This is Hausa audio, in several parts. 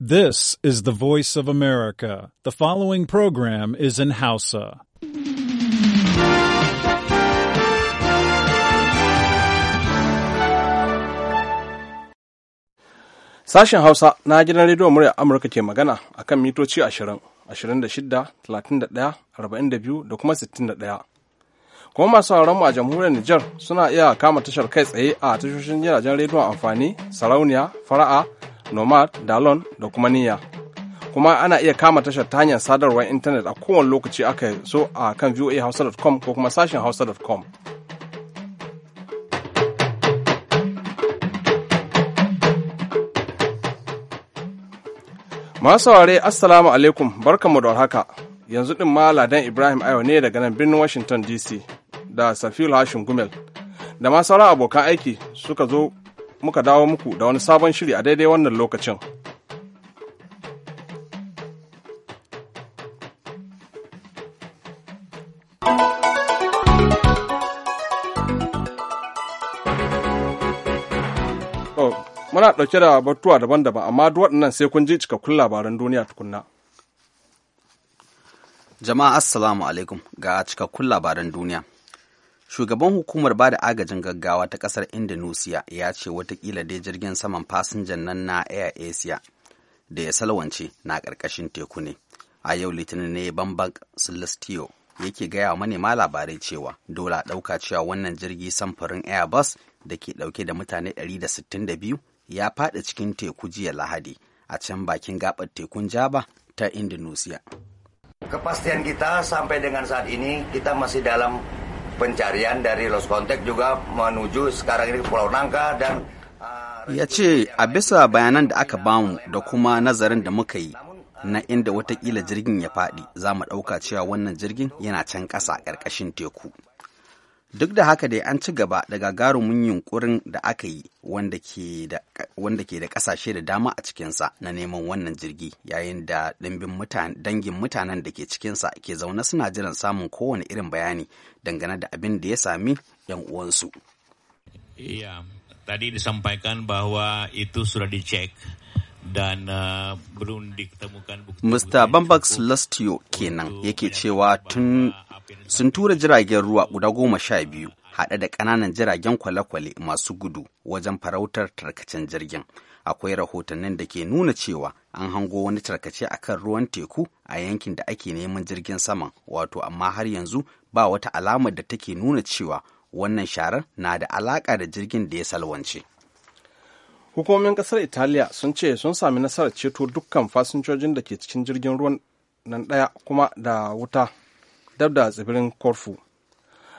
This is the voice of America. The following program is in Hausa. Sashen Hausa na gidan rediyon murya Amurka ke magana a kan mitoci 20, 26, 31, 42 da kuma 61. kuma masu sauraron mu a jamhuriyar Nijar suna iya kama tashar kai tsaye a tashoshin jiragen rediyon amfani sarauniya fara'a nomad dalon da kuma niyya kuma ana iya kama tashar ta hanyar sadarwar intanet a kowane lokaci aka so a kan voahausa.com ko kuma sashen hausa.com masu saurare assalamu alaikum barkanmu da warhaka yanzu din ma ladan ibrahim ayo ne daga nan birnin washington dc da Safil Hashim Gumel da ma sauran abokan aiki suka zo muka dawo muku da wani sabon shiri a daidai wannan lokacin. Muna ɗauke da batuwa daban-daban, amma duk waɗannan sai kun ji cikakkun labaran duniya tukunna. Jama'a Assalamu alaikum ga cikakkun labaran duniya. shugaban hukumar ba da agajin gaggawa ta kasar indonesia ya ce watakila dai jirgin saman fasinjan nan na air asia da ya salwance na ƙarƙashin teku ne a yau litinin ne bambang celestio yake gaya wa manema labarai cewa dole ɗauka cewa wannan jirgi samfurin airbus da ke ɗauke da mutane 162 ya faɗi cikin teku jiya lahadi a can bakin gaɓar tekun jaba ta indonesia kepastian kita sampai dengan saat ini kita masih dalam pencarian dari Los Contek juga menuju sekarang ini ke Pulau Nangka dan uh, ya ce a bisa bayanan da aka bamu da kuma nazarin da muka yi na inda watakila jirgin ya faɗi za mu ɗauka cewa wannan jirgin yana can ƙasa ƙarƙashin teku. duk da haka dai an ci gaba da gagarumin yunkurin da aka yi wanda ke da ƙasashe da dama a cikinsa na neman wannan jirgi yayin da dangin mutanen da ke cikinsa ke zaune suna jiran samun kowane irin bayani dangane da abin da ya sami 'yan uwansu. Iya, tadi disampaikan bahwa itu sudah dicek dan eh, Mr. Bambax Lastio kenan yake cewa tun sun tura jiragen ruwa guda goma sha biyu haɗe da ƙananan jiragen kwale-kwale masu gudu wajen farautar tarkacen jirgin akwai rahotannin da ke nuna cewa an hango wani tarkace a kan ruwan teku a yankin da ake neman jirgin saman wato amma har yanzu ba wata alama da take nuna cewa wannan sharar na da alaƙa da jirgin da ya salwance. hukumomin kasar italiya sun ce sun sami nasarar ceto dukkan fasinjojin da ke cikin jirgin ruwan nan daya kuma da wuta dab da tsibirin corfu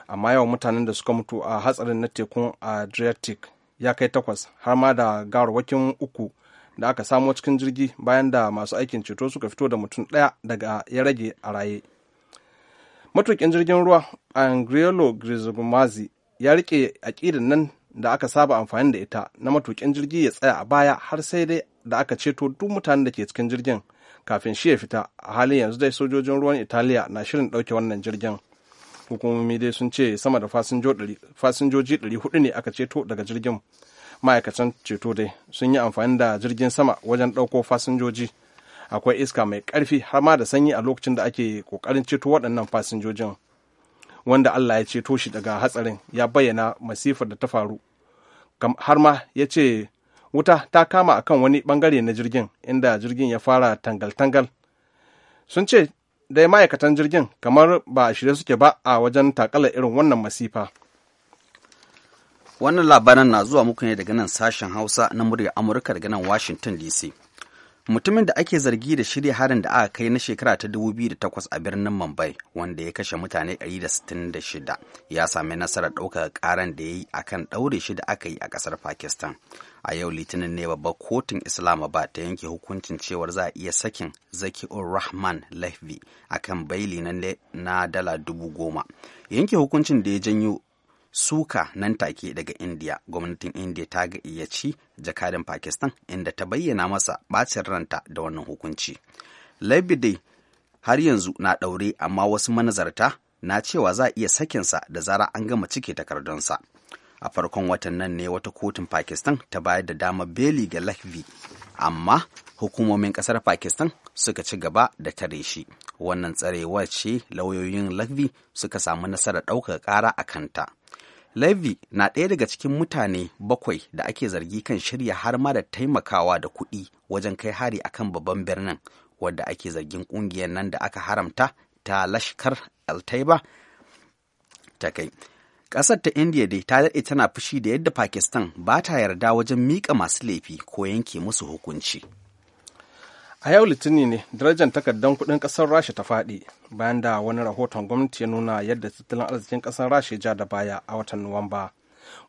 amma yawan mutanen da suka mutu a hatsarin na tekun adriatic ya kai takwas har ma da gawarwakin uku da aka samo cikin jirgi bayan da masu aikin ceto suka fito da mutum ɗaya daga ya rage a raye matukin jirgin ruwa angriolo grizimazi ya rike aƙidan nan da aka saba amfani da ita na matukin jirgi ya tsaya a baya har sai dai da aka ceto duk mutanen da ke cikin jirgin kafin shi ya fita a halin yanzu dai sojojin ruwan italiya na shirin ɗauke wannan jirgin hukumomi dai sun ce sama da fasinjoji hudu ne aka ceto daga jirgin ma'aikatan ceto dai sun yi amfani da jirgin sama wajen ɗauko fasinjoji akwai iska mai ƙarfi har ma da sanyi a lokacin da ake ƙoƙarin ceto waɗannan fasinjojin wanda allah ya ceto shi daga hatsarin ya bayyana masifar da ta faru har ma ya ce wuta ta kama a kan wani bangare na jirgin inda jirgin ya fara tangal-tangal sun ce dai ma'aikatan jirgin kamar ba a shirye suke ba a wajen takalar irin wannan masifa wannan labaran na zuwa muku ne daga nan sashen hausa na murya amurka daga nan washington dc mutumin da ake zargi da shirya harin da aka kai na shekara ta 2008 a birnin mumbai wanda ya kashe mutane 166 ya sami nasarar ɗaukar ƙaran da ya yi a kan ɗaure shi da aka yi a ƙasar pakistan a yau litinin ne babbar kotun islamabad ta yanke hukuncin cewar za a iya sakin zaki'ur rahman lahvi akan baili na dala dubu goma yanke hukuncin da ya janyo suka nan take daga india gwamnatin india ta ga iya ci jakadan pakistan inda ta bayyana masa bacin ranta da wannan hukunci labide har yanzu na ɗaure amma wasu manazarta na cewa za a iya sakinsa da zara an gama cike takardunsa a farkon watan nan ne wata kotun pakistan ta bayar da dama beli ga lakvi amma hukumomin kasar pakistan suka ci gaba da tare shi wannan tsarewar ce lauyoyin lakvi suka samu nasarar ɗaukar ƙara a kanta Levy na ɗaya daga cikin mutane bakwai da ake zargi kan shirya har ma da taimakawa da kuɗi wajen kai hari a kan babban birnin wadda ake zargin ƙungiyar nan da aka haramta ta Lashkar Altaiba ta kai. Ƙasar ta India dai ta daɗe tana fushi da yadda Pakistan ba ta yarda wajen miƙa masu laifi ko yanke musu hukunci. a yau litinin ne darajar takardar kuɗin ƙasar rasha ta faɗi bayan da wani rahoton gwamnati ya nuna yadda tattalin arzikin ƙasar rasha ya ja da baya a watan nuwamba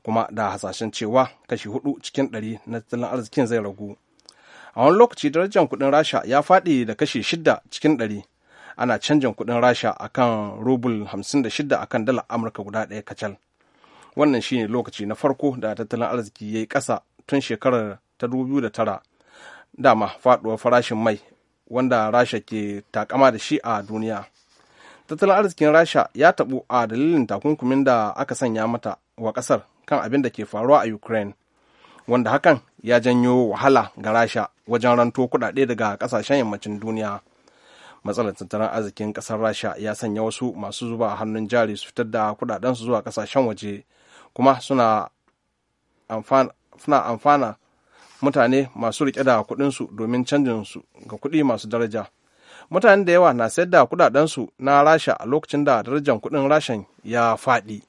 kuma da hasashen cewa kashi hudu cikin ɗari na tattalin arzikin zai ragu a wani lokaci darajar kuɗin rasha ya faɗi da kashi shida cikin ɗari ana canjin kuɗin rasha akan rubul hamsin da shida akan dalar amurka guda ɗaya kacal wannan shine lokaci na farko da tattalin arziki ya yi ƙasa tun shekarar ta dubu da tara dama faduwar farashin mai wanda rasha ke takama da shi a duniya tattalin arzikin rasha ya tabu a dalilin takunkumin da aka sanya mata wa ƙasar kan abin da ke faruwa a ukraine wanda hakan ya janyo wahala ga rasha wajen ranto kudade daga kasashen yammacin duniya matsalar tattalin arzikin ƙasar rasha ya sanya wasu masu zuba hannun jari su fitar da kudadensu zuwa kasashen waje kuma suna amfana mutane masu rike da kuɗinsu domin canjin su ga kuɗi masu daraja mutane da yawa na sayar da kuɗaɗensu na rasha a lokacin da darajar kuɗin rashan ya faɗi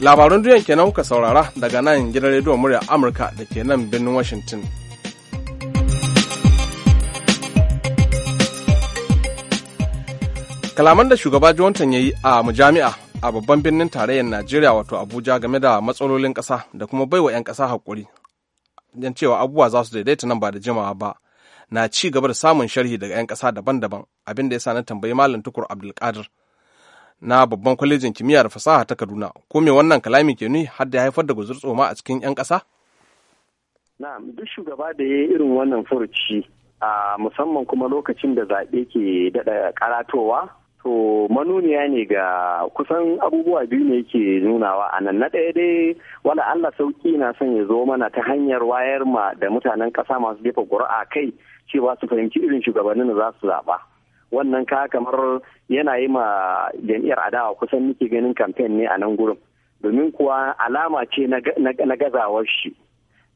labarun duniya kenan kuka saurara daga nan gidan rediyon murya amurka da ke nan birnin washington kalaman da shugaba johnson ya yi a mujami'a a babban birnin tarayyar najeriya wato abuja game da matsalolin ƙasa da kuma baiwa 'yan ƙasa haƙuri yan cewa abubuwa za su daidaita nan ba da jimawa ba na ci gaba da samun sharhi daga 'yan ƙasa daban-daban abin da ya sa na tambayi malam tukur abdulkadir na babban kwalejin kimiyya da fasaha ta kaduna ko me wannan kalami ke nuni har da haifar da tsoma a cikin 'yan ƙasa? na duk shugaba da ya irin wannan furuci a musamman kuma lokacin da zaɓe ke daɗa karatowa to manuniya ne ga kusan abubuwa biyu ne yake nunawa a nan na ɗaya dai wala Allah sauki na son ya zo mana ta hanyar wayar ma da mutanen ƙasa masu jefa ƙuri'a kai cewa su fahimci irin shugabannin da za su zaɓa wannan ka kamar yana yi ma jami'ar adawa kusan muke ganin kamfen ne a nan gurin domin kuwa alama ce na gazawar shi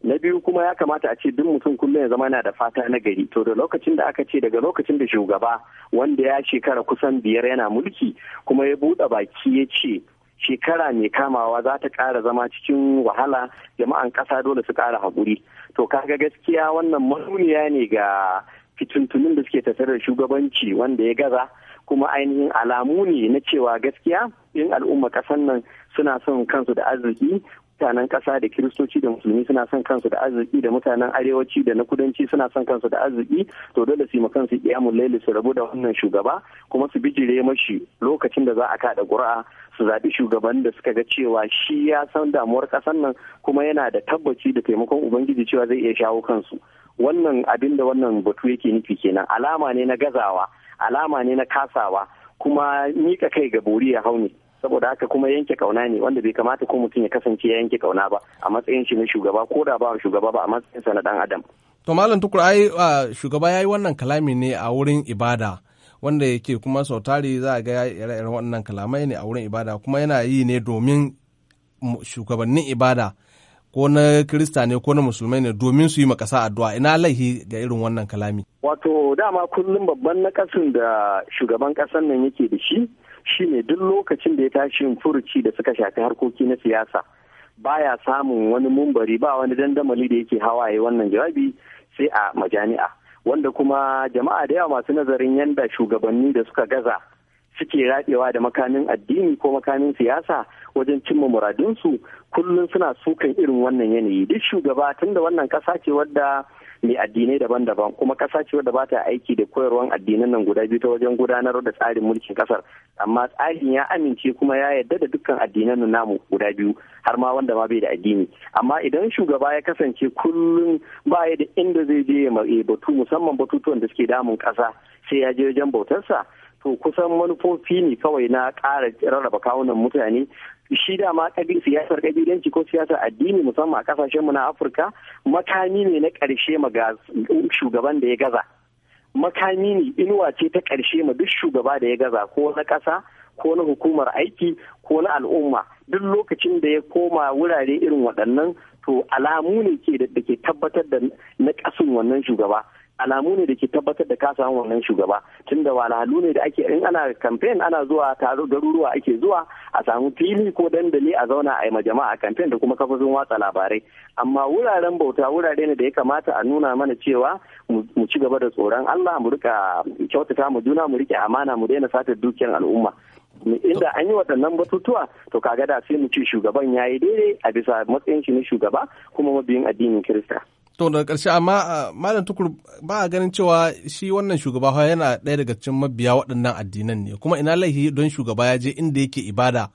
na biyu kuma ya kamata a ce duk mutum kullum ya zama na da fata na gari to da lokacin da aka ce daga lokacin da shugaba wanda ya shekara kusan biyar yana mulki kuma ya buɗe baki ya ce shekara mai kamawa za ta ƙara zama cikin wahala jama'an ƙasa dole su ƙara haƙuri to ka ga gaskiya wannan manuniya ne ga fitintunin da suke tattare da shugabanci wanda ya gaza kuma ainihin alamu ne na cewa gaskiya in al'umma ƙasar nan suna son kansu da arziki mutanen ƙasa da kiristoci da musulmi suna son kansu da arziki da mutanen arewaci da na kudanci suna son kansu da arziki to dole su yi ma kansu kiyamun laili su rabu da wannan shugaba kuma su bijire mashi lokacin da za a kada ƙuri'a su zaɓi shugaban da suka ga cewa shi ya san damuwar ƙasar nan kuma yana da tabbaci da taimakon ubangiji cewa zai iya shawo kansu wannan abin da wannan batu yake nufi kenan alama ne na gazawa alama ne na kasawa kuma mika kai ga bori ya hau ne saboda haka kuma yanke kauna ne wanda bai kamata ko mutum ya kasance ya yanke kauna ba a matsayin shi na shugaba ko da ba shugaba ba a matsayin sa na dan adam to malam tukur ai shugaba yayi wannan kalami ne a wurin ibada wanda yake kuma sau za a ga ire-iren wannan kalamai ne a wurin ibada kuma yana yi ne domin shugabannin ibada ko na krista ne ko na musulmai ne domin su yi makasa addu'a ina laihi ga irin wannan kalami wato dama kullum babban nakasin da shugaban kasan nan yake da shi shine duk lokacin da ya tashi yin furuci da suka shafi harkoki na siyasa baya samun wani mumbari ba wani dandamali da yake hawaye wannan jawabi sai a majami'a wanda kuma jama'a da yawa masu nazarin yadda shugabanni da suka gaza suke raɗewa da makamin addini ko makamin siyasa wajen cimma muradinsu, kullum suna sukan irin wannan yanayi duk shugaba tunda wannan ƙasa ce wadda mai addinai daban-daban kuma kasa ce wadda ba ta aiki da koyarwan addinan nan guda biyu ta wajen gudanar da tsarin mulkin kasar amma tsarin ya amince kuma ya yarda da dukkan addinan nan namu guda biyu har ma wanda ma bai da addini amma idan shugaba ya kasance kullum ba ya da inda zai je ya batu musamman batutuwan da suke damun ƙasa sai ya je wajen bautarsa to kusan manufofi ne kawai na ƙara rarraba kawunan mutane shi dama siyasar kabilanci ko siyasar addini musamman a mu na afirka makami ne na ƙarshe ma ga shugaban da ya gaza makami ne inuwa ce ta ƙarshe ma duk shugaba da ya gaza ko na ƙasa ko na hukumar aiki ko na al'umma duk lokacin da ya koma wurare irin waɗannan to alamu ne ke da ke tabbatar da na ƙasin wannan shugaba alamu ne da ke tabbatar da ka samu wannan shugaba tun da walhalu ne da ake in ana campaign ana zuwa taro garuruwa ake zuwa a samu fili ko dandali a zauna a yi ma jama'a campaign da kuma kafofin watsa labarai amma wuraren bauta wurare ne da ya kamata a nuna mana cewa mu ci gaba da tsoron Allah mu rika kyautata mu juna mu rike amana mu daina sata dukiyar al'umma inda an yi waɗannan batutuwa to kaga da sai mu ce shugaban ya yi daidai a bisa matsayin shi na shugaba kuma mabiyin addinin kirista. To daga ƙarshe amma malam tukur ba a ganin cewa shi wannan shugaba yana ɗaya daga cikin mabiya waɗannan addinan ne kuma ina laihi don shugaba ya je inda yake ibada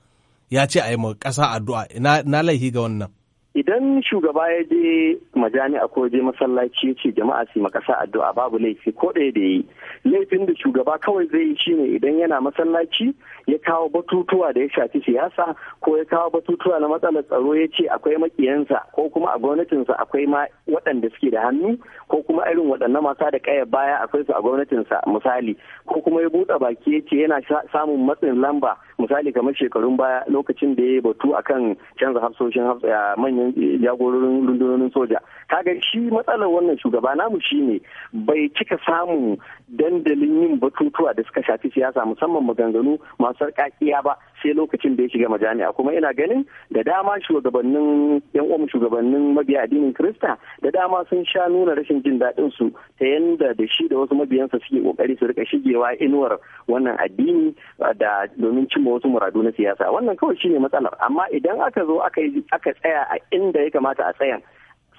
ya ce a yi ma ƙasa addu'a ina laihi ga wannan. idan shugaba ya je majami'a ko je masallaci ya ce jama'a su makasa addu'a babu laifi ko ɗaya da yi laifin da shugaba kawai zai yi shine idan yana masallaci ya kawo batutuwa da ya shafi siyasa ko ya kawo batutuwa na matsalar tsaro ya ce akwai makiyansa ko kuma a gwamnatinsa akwai ma waɗanda suke da hannu ko kuma irin waɗannan masa da ƙayar baya akwai su a gwamnatinsa misali ko kuma ya buɗe baki ya ce yana samun matsin lamba misali kamar shekarun baya lokacin da ya yi batu akan canza hafsoshin manyan jagororin rundunonin soja kaga shi matsalar wannan shugaba namu shine bai cika samun dandalin yin batutuwa da suka shafi siyasa musamman maganganu masu sarƙaƙiya ba sai lokacin da ya shiga majami'a kuma ina ganin da dama shugabannin yan uwan shugabannin mabiya addinin Kirista da dama sun sha nuna rashin jin daɗin su ta yanda da shi da wasu mabiyansa suke kokari su rika shigewa inuwar wannan addini da domin cimma wasu muradu na siyasa wannan kawai shine matsalar amma idan aka zo aka tsaya a inda ya kamata a tsaya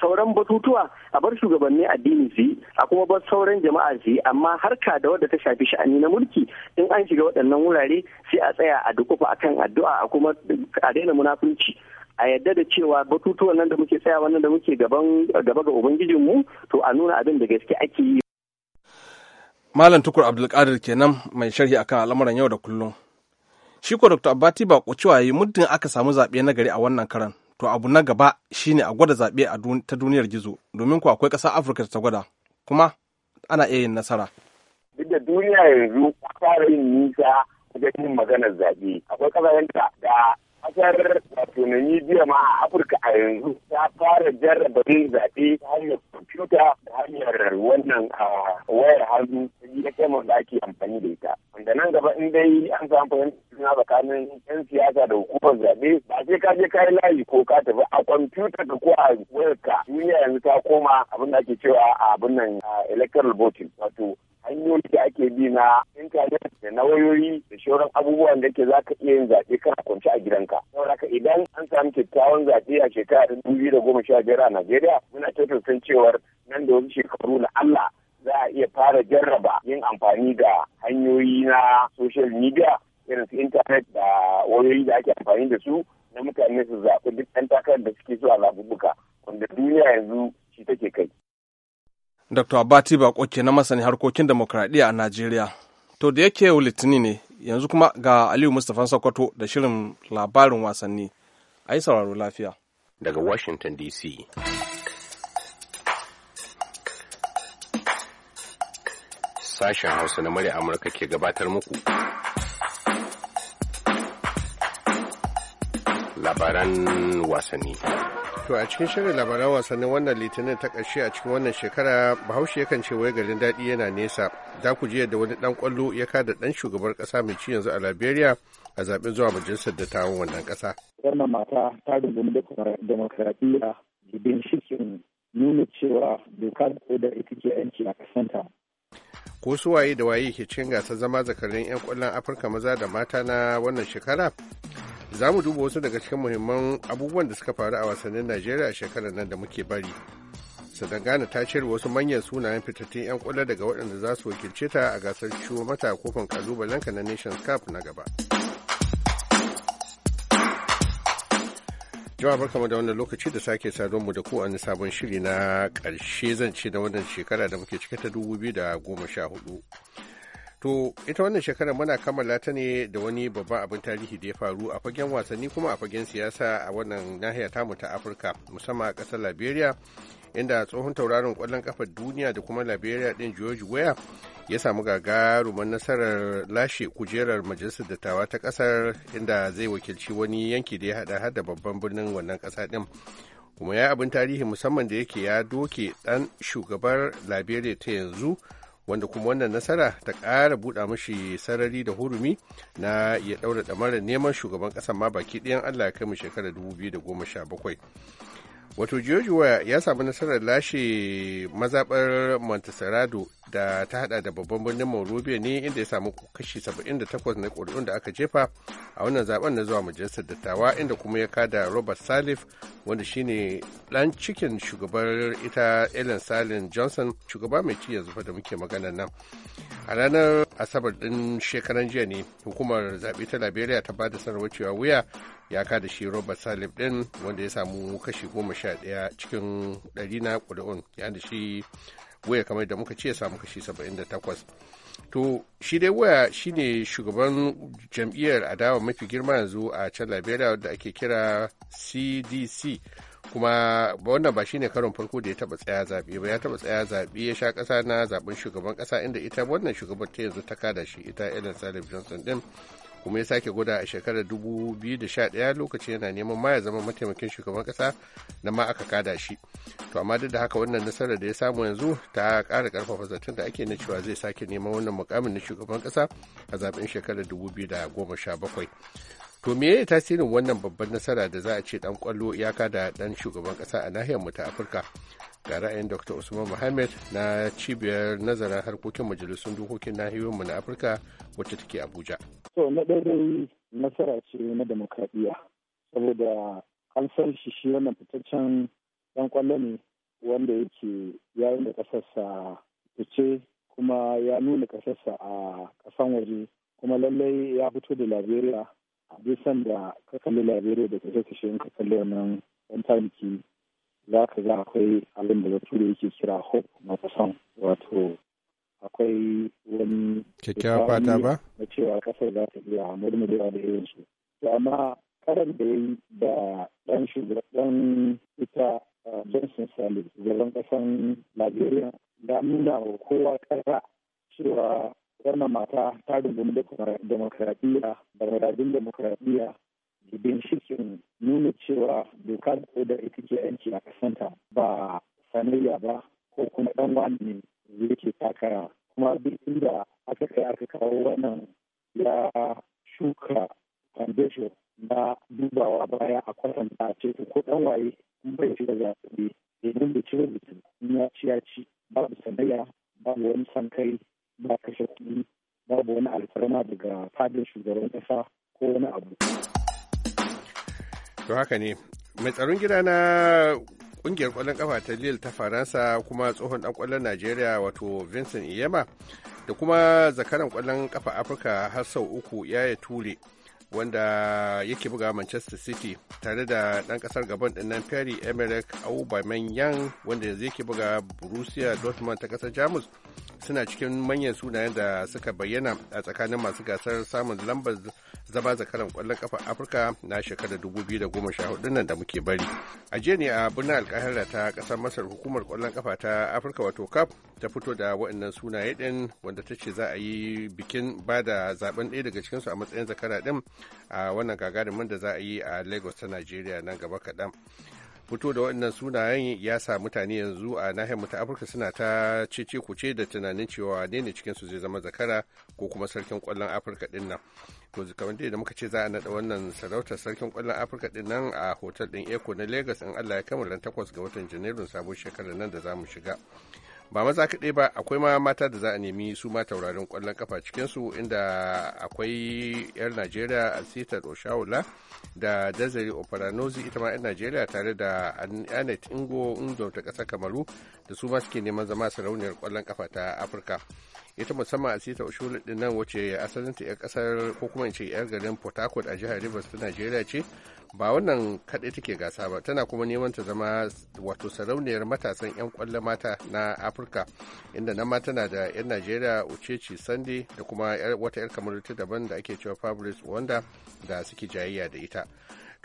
sauran batutuwa a bar shugabanni addini su yi a kuma bar sauran jama'a su yi amma harka da wadda ta shafi sha'ani na mulki in an shiga waɗannan wurare sai a tsaya a dukufa akan addu'a a kuma a daina munafunci a yadda da cewa batutuwan nan da muke tsaya wannan da muke gaban gaba ga ubangijin mu to a nuna abin da gaske ake yi Malam Tukur Abdulkadir kenan mai sharhi akan al'amuran yau da kullum. Shi ko Dr. Abati ba cewa yi muddin aka samu zaɓe na gari a wannan karan to abu na gaba shine a gwada zaɓe ta duniyar gizo domin ku akwai ƙasa afirka ta gwada kuma ana iya yin nasara duk da duniya yanzu fara yin nisa wajen yin maganar zaɓe akwai ƙasashen da kasar wato Namibia ma a Afirka a yanzu ta fara jarraba yin zaɓe ta hanyar kwamfuta da hanyar wannan ah, wayar hannu ta GSM da ake amfani da ita. Wanda nan gaba in dai an samu fahimtar suna tsakanin 'yan siyasa da hukumar zaɓe ba sai ka je kayi layi ko ka tafi a kwamfuta ka ko a wayarka duniya yanzu ta koma abin da ake cewa a ah, abin nan ah, electoral voting wato hanyoyi da ake bi na intanet da na wayoyi da shauran abubuwan da ke za ka iya yin zaɓe kana kwance a gidanka. Saboda idan an samu kyakkyawan zaɓe a shekarar dubu biyu da goma sha biyar a Najeriya muna kyautata cewar nan da wasu shekaru na Allah za a iya fara jarraba yin amfani da hanyoyi na social media irin su intanet da wayoyi da ake amfani da su na mutane su zaɓi duk ɗan takarar da suke so a zaɓuɓɓuka wanda duniya yanzu shi take kai. Dr. Abati ba Koke na masani harkokin demokradiyya a Najeriya. To da yake yau Litinin ne yanzu kuma ga Aliyu Mustapha Sokoto da shirin labarin wasanni. A yi sauraro lafiya. Daga Washington DC. Sashen Hausa na murya Amurka ke gabatar muku. Labaran wasanni. To a cikin shirin labaran wasannin wannan litinin ta ƙarshe a cikin wannan shekara bahaushe yakan ce wai garin daɗi yana nesa. Za ku ji yadda wani ɗan ƙwallo ya kada ɗan shugabar ƙasa mai ci yanzu a Liberia a zaɓen zuwa majalisar da dattawan wannan ƙasa. Wannan mata ta rungumi demokaradiyya da shikin nuna cewa doka da koda ita ke yanci a kasanta. Ko su waye da waye ke cikin gasar zama zakarin 'yan kwallon Afirka maza da mata na wannan shekara? za mu duba wasu daga cikin muhimman abubuwan da suka faru a wasannin najeriya shekarar nan da muke bari sannan ghana ta cire wasu manyan sunayen fitattun 'yan kula daga waɗanda za su wakilce ta a gasar ciwo mata kofin kalubalenka na nations cup na gaba jama'a barkamu da wannan lokaci da sake sadon mu da ku wani sabon shiri na karshe zan ce da wannan shekara da muke cike ta dubu biyu da goma sha 2014 To ita wannan shekarar muna kammala ta ne da wani babban abin tarihi da ya faru a fagen wasanni kuma a fagen siyasa a wannan nahiya tamu ta Afirka musamman a ƙasar Liberia inda tsohon tauraron kwallon ƙafar duniya da kuma Liberia ɗin George Weah ya samu gagaruman nasarar lashe kujerar majalisar dattawa ta ƙasar inda zai wakilci wani yanki da ya hada har da babban birnin wannan ƙasa ɗin. Kuma ya abin tarihi musamman da yake ya doke ɗan shugabar Liberia ta yanzu wanda kuma wannan nasara ta ƙara buɗa mashi sarari da hurumi na ya ɗaura ɗamarar neman shugaban kasan ma baki ɗayan allah ya kai mu shekarar 2017 wato george waya ya samu nasarar lashe mazabar montserrado da ta hada da babban birnin monrovia ne inda ya samu kashi 78 na ƙuri'un da aka jefa a wannan zaben na zuwa majalisar dattawa inda kuma ya kada robert salif wanda shine dan cikin shugabar ita ellen salin johnson shugaba mai ci yanzu da muke magana nan a ranar asabar din shekaran jiya ne hukumar zaɓe ta liberia ta ba da sanarwar cewa wuya ya da shi robert salib din wanda ya samu kashi goma sha ɗaya cikin ɗari na ƙuri'un ya da shi waya kamar da muka ce ya samu kashi saba'in da takwas to shi dai waya shine shugaban jam'iyyar adawa mafi girma yanzu a can liberia da ake kira cdc kuma wannan ba shine karon farko da ya taba tsaya zaɓe ba ya taba tsaya zaɓe ya sha ƙasa na zaɓen shugaban ƙasa inda ita wannan shugaban ta yanzu ta kada shi ita ellen salif johnson din kuma ya sake gwada a shekarar 2011 lokacin yana neman ma ya zama mataimakin shugaban kasa da ma aka kada shi to amma duk da haka wannan nasarar da ya samu yanzu ta ƙara ƙarfafa zaton da ake na cewa zai sake neman wannan mukamin na shugaban kasa a zaben shekarar 2017 to me ya tasirin wannan babban nasara da za a ce dan kwallo iyaka da dan shugaban kasa a nahiyar mu ta afirka ga ra'ayin dr usman muhammad na cibiyar nazarin harkokin majalisun dokokin nahiyoyinmu na afirka wacce take abuja so na ɗaya nasara ce na demokradiyya saboda an san shi shi wannan fitaccen ɗan kwallo ne wanda yake yayin da ƙasarsa fice kuma ya nuna ƙasarsa a ƙasan waje kuma lallai ya fito da liberia a bisan da ka kalli liberia da ƙasarsa shi in ka kalli wannan ɗan za ka ga akwai abin da bature yake kira hope na kusan wato akwai wani kyakkyawa fata ba na cewa kasar za ta iya murmurewa da su to amma karan da ya yi da ɗan shugaban ita johnson salis gaban ƙasan liberia da nuna wa kowa ƙasa cewa wannan mata ta rungumi demokradiyya da muradun demokradiyya da binciken nuna cewa doka da ita ke yanci a kasanta ba sanayya ba ko kuma dan wani ne yake takara kuma duk inda aka kai aka kawo wannan ya shuka foundation na dubawa baya a kwatanta ce ko dan waye in bai ci da zaɓe da cire mutum in ya ci ya ci babu sanayya babu wani kai ba kashe kuɗi babu wani alfarma daga fadin shugaban ƙasa ko wani abu. To haka ne, mai tsaron gida na kungiyar kwallon kafa ta Lille ta Faransa kuma tsohon dan kwallon Najeriya wato Vincent Iyema da kuma zakaran kwallon kafa Afirka har sau uku yaya ture wanda yake buga Manchester City tare da dan kasar gaban dinnan perry Emerick Aubameyang wanda yanzu yake buga Borussia Dortmund ta kasar Jamus suna cikin manyan sunayen da suka bayyana a tsakanin masu gasar samun lambar zama zakaran kwallon kafa afirka na shekarar 2014 nan da muke bari a jiya ne a birnin alkahira ta kasar masar hukumar kwallon kafa ta afirka wato cap ta fito da waɗannan sunaye din wanda ta ce za a yi bikin ba da zaben ɗaya daga cikinsu a matsayin zakara din a wannan gagarumin da za a yi a lagos ta nigeria nan gaba kaɗan fito da waɗannan sunayen ya sa mutane yanzu a nahiyar mu ta afirka suna ta cece kuce da tunanin cewa ne ne cikinsu zai zama zakara ko kuma sarkin kwallon afirka din nan to kamar dai da muka ce za a naɗa wannan sarautar sarkin kwallon afirka din nan a hotel din eko na lagos in allah ya kammala takwas ga watan janairun sabon shekarar nan da za mu shiga ba maza kaɗai ba akwai ma mata da za a nemi su ma taurarin ƙwallon kafa cikinsu inda akwai 'yar najeriya alsita oshawula da dazari operanozi ita ma 'yan najeriya tare da anet ingo indo ta ƙasar kamaru da su ma suke neman zama sarauniyar ƙwallon kafa ta afirka ita musamman a sita ushulu din nan wace asalinta 'yar kasar ko kuma ce 'yar garin port harcourt a jihar rivers ta nigeria ce ba wannan kaɗai take gasa ba tana kuma neman ta zama wato sarauniyar matasan 'yan kwallon mata na afirka inda nan ma tana da 'yan najeriya uceci sande da kuma wata 'yar kamar ta daban da ake cewa fabrice wanda da suke jayayya da ita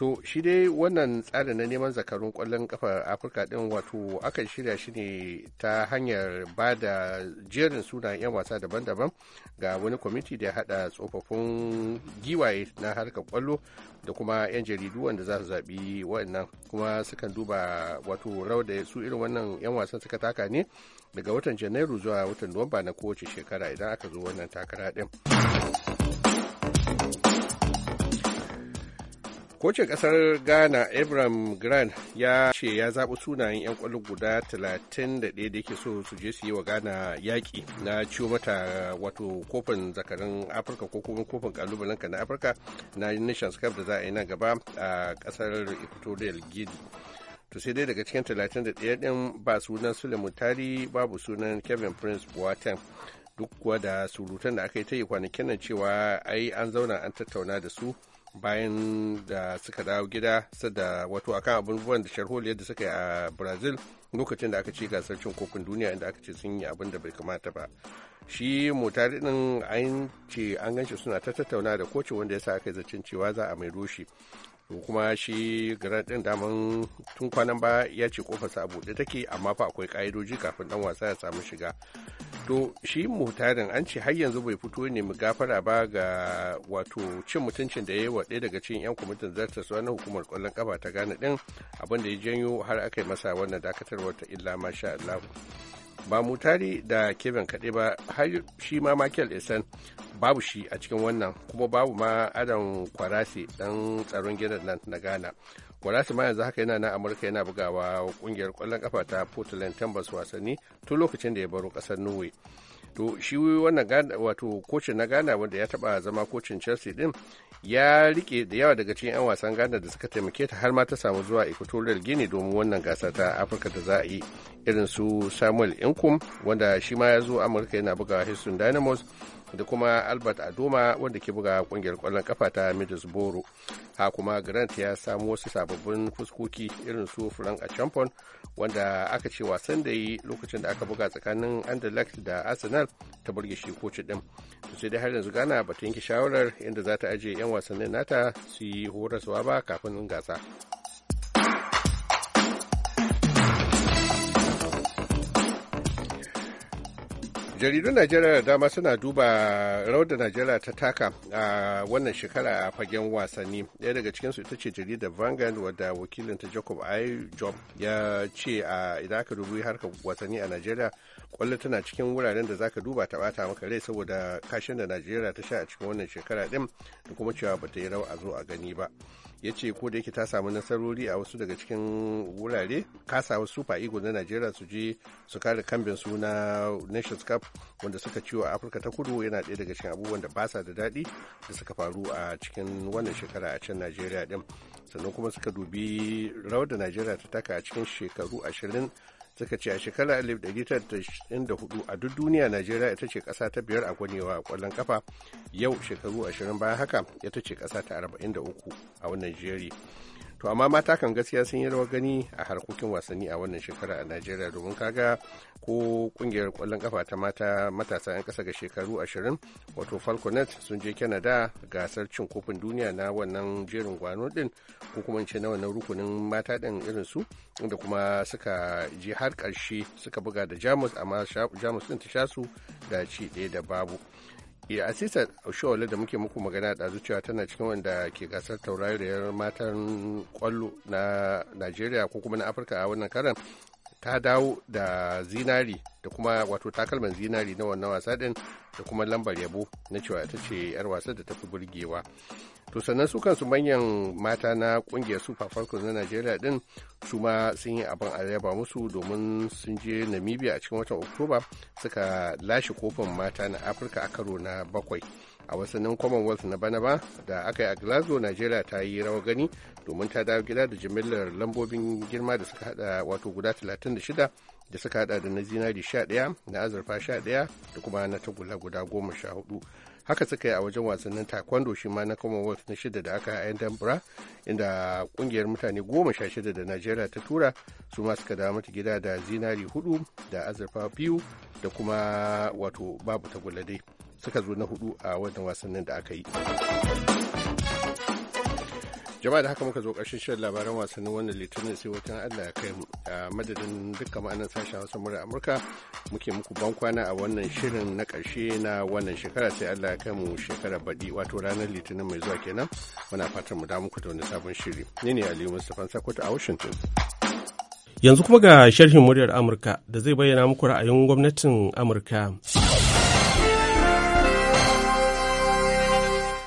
to shi dai wannan tsarin na neman zakarun kwallon kafar afirka din wato akan shirya shi ne ta hanyar ba da jerin sunan 'yan wasa daban-daban ga wani kwamiti da ya haɗa tsofaffin giwaye na harkar kwallo da kuma 'yan jaridu wanda za su zaɓi waɗannan kuma sukan duba wato rawar da su irin wannan 'yan wasan suka taka ne daga watan janairu zuwa watan nuwamba na kowace shekara idan aka zo wannan takara ɗin. kocin kasar ghana abraham grant ya ce ya zaɓi sunayen 'yan kwallo guda 31 da yake so su je su yi wa ghana yaƙi na ciwo mata wato kofin zakarin afirka ko kuma kofin kalubalen ka na afirka na nations cup da za a yi nan gaba a kasar equatorial guinea to sai dai daga cikin 31 din ba sunan suleiman tari babu sunan kevin prince boateng duk kuwa da surutan da aka yi ta yi kwanakin nan cewa ai an zauna an tattauna da su bayan da suka dawo gida sada wato akan abubuwan da sharholi yadda suka yi a brazil lokacin da aka ci gasar cin kofin duniya inda aka ce sun yi abin da bai kamata ba shi motari din an ce an ganshi suna ta tattauna da kocin wanda ya sa aka yi zancen cewa za a roshi shi kuma shi garan din daman tun kwanan ba ya ce kofarsa a buɗe take amma fa akwai ka'idoji kafin dan wasa ya samu shiga to shi muhtarin an ce har yanzu bai fito ne mu gafara ba ga wato cin mutuncin da ya yi wa ɗaya daga cikin 'yan kwamitin zartaswa na hukumar kwallon kafa ta gane ɗin abin da ya janyo har aka yi masa wannan dakatarwar ta illa masha Allah ba mutari da kevin kaɗai ba har shi ma michael isan babu shi a cikin wannan kuma babu ma adam kwarase dan tsaron gidan nan na ghana Morata ma yanzu haka yana na Amurka yana bugawa kungiyar kwallon kafa ta Portland tambas wasanni tun lokacin da ya baro kasar Norway. To shi wannan wato kocin na Ghana wanda ya taba zama kocin Chelsea din ya rike da yawa daga cikin 'yan wasan Ghana da suka taimake ta har ma ta samu zuwa Equatorial gini domin wannan gasa ta Afirka da za a yi irin su Samuel Inkum wanda shi ma ya zo Amurka yana bugawa Houston Dynamos da kuma albert adoma wanda ke buga kungiyar kwallon kafa ta middlesboro ha kuma grant ya samu wasu sababbin fuskoki irin su frank achampon wanda aka ce wasan da yi lokacin da aka buga tsakanin anderlecht da arsenal ta burge shi kocin din sai dai har yanzu gana bata ta yanke shawarar inda za ta ajiye 'yan wasannin nata su yi horaswa ba kafin gasa jaridun najeriya da dama suna duba rawar da najeriya ta taka a wannan shekara a fagen wasanni ɗaya daga cikinsu ita ce jaridar vangard wadda wakilinta jacob i job ya ce idan aka dubi harkar wasanni a najeriya kwallo tana cikin wuraren da zaka duba ta bata maka rai saboda kashin da najeriya ta sha a cikin wannan shekara din da kuma cewa ba ta yi rawa a zo a gani ba ya ce ko da yake ta samu nasarori a wasu daga cikin wurare kasawa super eagles na najeriya su je su kare kambin su na nations cup wanda suka ciwo a afirka ta kudu yana ɗaya daga cikin abubuwan da ba sa da daɗi da suka faru a cikin wannan shekara a can najeriya din sannan kuma suka dubi rawar da najeriya ta taka a cikin shekaru ashirin suka ce a shekarar 1994 a duk duniya najeriya ita ce ƙasa ta biyar a gwanewa a kwallon kafa yau shekaru 20 bayan haka ita ce ƙasa ta 43 a wannan jeri to amma mata kan gaskiya sun yi rawar gani a harkokin wasanni a wannan shekara a najeriya domin kaga ko kungiyar kwallon kafa ta mata matasa 'yan kasa ga shekaru 20 wato falconet sun je canada gasar cin kofin duniya na wannan jerin gwano din ko kuma ce na wannan rukunin mata din irin su inda kuma suka je har karshe suka buga da jamus amma jamus din ta sha su da ci ɗaya da babu ya asisa shawale da muke muku magana da cewa tana cikin wanda ke gasar taurariyar matan kwallo na najeriya ko kuma na afirka a wannan karan ta dawo da zinari da kuma wato takalman zinari na wannan wasa din da kuma lambar yabo na cewa ta ce yar wasa da tafi burgewa to sannan su kansu manyan mata na kungiyar super falcons na nigeria din su ma sun yi abin alayaba musu domin sun je namibia a cikin watan oktoba suka lashe kofin mata na afirka a karo na bakwai a wasannin commonwealth na bana ba da aka yi a glasgow nigeria ta yi rawa gani domin ta dawo gida da jimillar lambobin girma da suka hada wato guda 36 da suka hada da na zinari 11 na azurfa 11 da kuma na tagulla guda 14 haka suka yi a wajen wasannin taekwondo shi ma na commonwealth na shida da aka yi dambura inda kungiyar mutane goma sha da nigeria ta tura su ma suka dawo mata gida da zinari hudu da azurfa biyu da kuma wato babu tagulla dai suka zo na hudu a wannan wasannin da aka yi jama'a da haka muka zo ƙarshen shirin labaran wasannin wannan litinin sai wata allah ya kai a madadin duka ma'anar sashen hausa mura amurka muke muku ban kwana a wannan shirin na ƙarshe na wannan shekara sai allah ya kai mu shekara baɗi wato ranar litinin mai zuwa kenan muna fatan mu da muku da wani sabon shiri ni ne aliyu mustapha sakwato a washington yanzu kuma ga sharhin muryar amurka da zai bayyana muku ra'ayin gwamnatin amurka.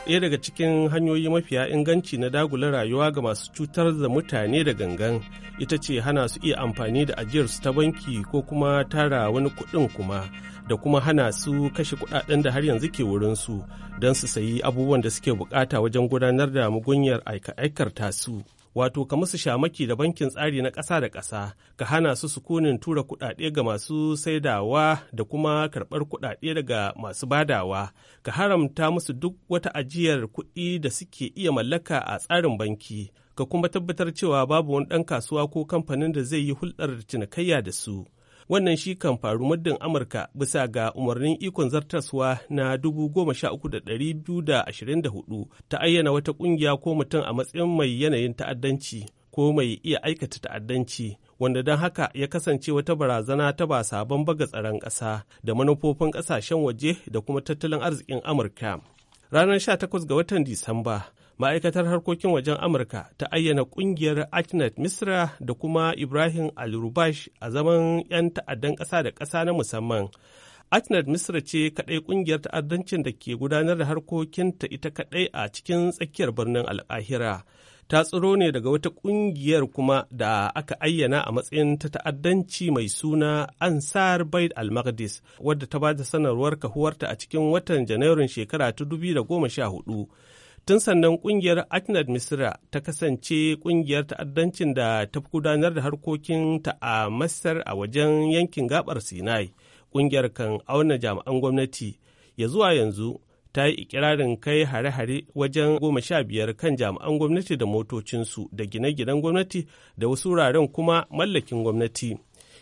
ɗaya daga cikin hanyoyi mafiya inganci na dagula rayuwa ga masu cutar da mutane da gangan ita ce hana su iya amfani da ajiyarsu ta banki ko kuma tara wani kuɗin kuma da kuma hana su kashe kuɗaɗen da har yanzu ke wurin su don su sayi abubuwan da suke bukata wajen gudanar da mugunyar aika-aikar tasu. wato ka musu shamaki da bankin tsari na ƙasa da ƙasa ka hana su sukunin tura kuɗaɗe ga masu saidawa da kuma karɓar kuɗaɗe daga masu badawa ka haramta musu duk wata ajiyar kuɗi da suke iya mallaka a tsarin banki ka kuma tabbatar cewa babu wani ɗan kasuwa ko kamfanin da zai yi hulɗar cinikayya da su. wannan shi kan faru muddin amurka bisa ga umarnin ikon zartaswa na 13,224 ta ayyana wata ƙungiya ko mutum a matsayin mai yanayin ta'addanci ko mai iya aikata ta'addanci wanda don haka ya kasance wata barazana ta ba sabon baga tsaron ƙasa da manufofin ƙasashen waje da kuma tattalin arzikin amurka ranar 18 ga watan disamba ma'aikatar harkokin wajen amurka ta ayyana kungiyar achnet misra da kuma ibrahim al-rubash a zaman 'yan ta'addan ƙasa da ƙasa na musamman achnet misra ce kaɗai ƙungiyar ta'addancin da ke gudanar da harkokinta ita kaɗai a cikin tsakiyar birnin al'ahira ta tsiro ne daga wata ƙungiyar kuma da aka ayyana a matsayin ta ta'addanci mai suna ansar baid al-maqdis wadda ta ba da sanarwar kahuwarta a cikin watan janairun shekara ta 2014 Tun sannan ƙungiyar Aknad Misra ta kasance ƙungiyar ta'addancin da ta fi gudanar da harkokinta a Masar a wajen yankin gabar Sinai. Ƙungiyar kan auna jami'an gwamnati ya zuwa yanzu ta yi ikirarin kai hare-hare wajen goma sha biyar kan jami'an gwamnati da motocinsu da gine-ginen gwamnati da wasu wuraren kuma mallakin gwamnati.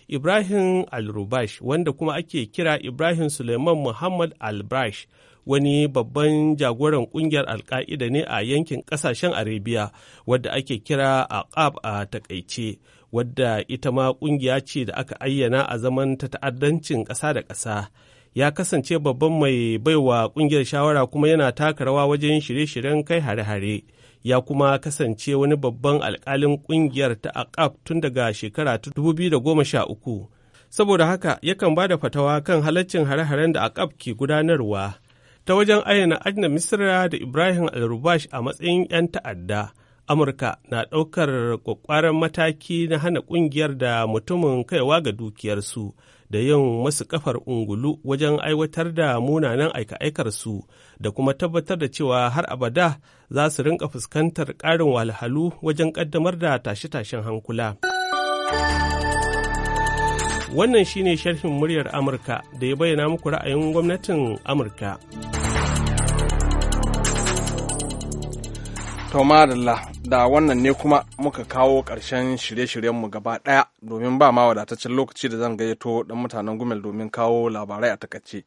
Ibrahim Al-Rubash wanda kuma ake kira Ibrahim Suleiman Muhammad Al-Brash wani babban jagoran kungiyar alka'ida ne a yankin kasashen arabia wadda ake kira aqab a takaice wadda ita ma kungiya ce da aka ayyana a zaman ta ta'addancin ƙasa da ƙasa ya kasance babban mai baiwa kungiyar shawara kuma yana taka rawa wajen shirye-shiryen kai hare-hare ya kuma kasance wani babban alkalin kungiyar ta aqab tun daga shekara ta 2013 saboda haka yakan ba da fatawa kan halaccin hare-haren da aqab ke gudanarwa ta wajen ayyana Ajna Misra da Ibrahim Al-Rubash a matsayin 'yan ta'adda. Amurka na ɗaukar ƙwaƙƙwaran mataki na hana ƙungiyar da mutumin kaiwa ga dukiyarsu da yin masu ƙafar ungulu wajen aiwatar da munanan aika-aikarsu da kuma tabbatar da cewa har abada za su rinka fuskantar ƙarin walhalu wajen ƙaddamar da tashe-tashen hankula. Wannan shine sharhin muryar Amurka da ya bayyana muku ra'ayin gwamnatin Amurka. madalla da wannan ne kuma muka kawo ƙarshen shirye-shiryenmu gaba ɗaya domin ba ma wadataccen lokaci da zan gayyato ɗan mutanen gumel domin kawo labarai a takaice.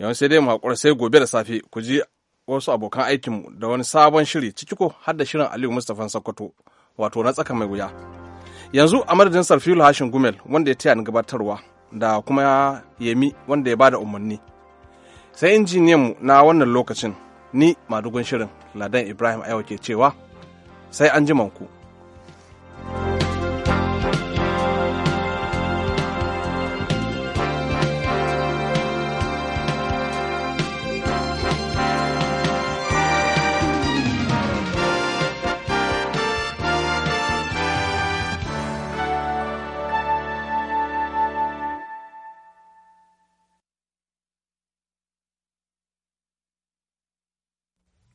Yawan sai dai mu haƙura sai gobe da safe ku ji wasu abokan aikinmu da wani sabon shiri ciki ko har da shirin Aliyu Mustapha Sokoto wato na tsaka mai wuya. Yanzu a madadin Sarfilu Hashin Gumel wanda ya taya ni gabatarwa da kuma Yemi wanda ya bada umarni. Sai injiniyanmu na wannan lokacin ni madugun shirin ladan ibrahim yau ke cewa sai an ku.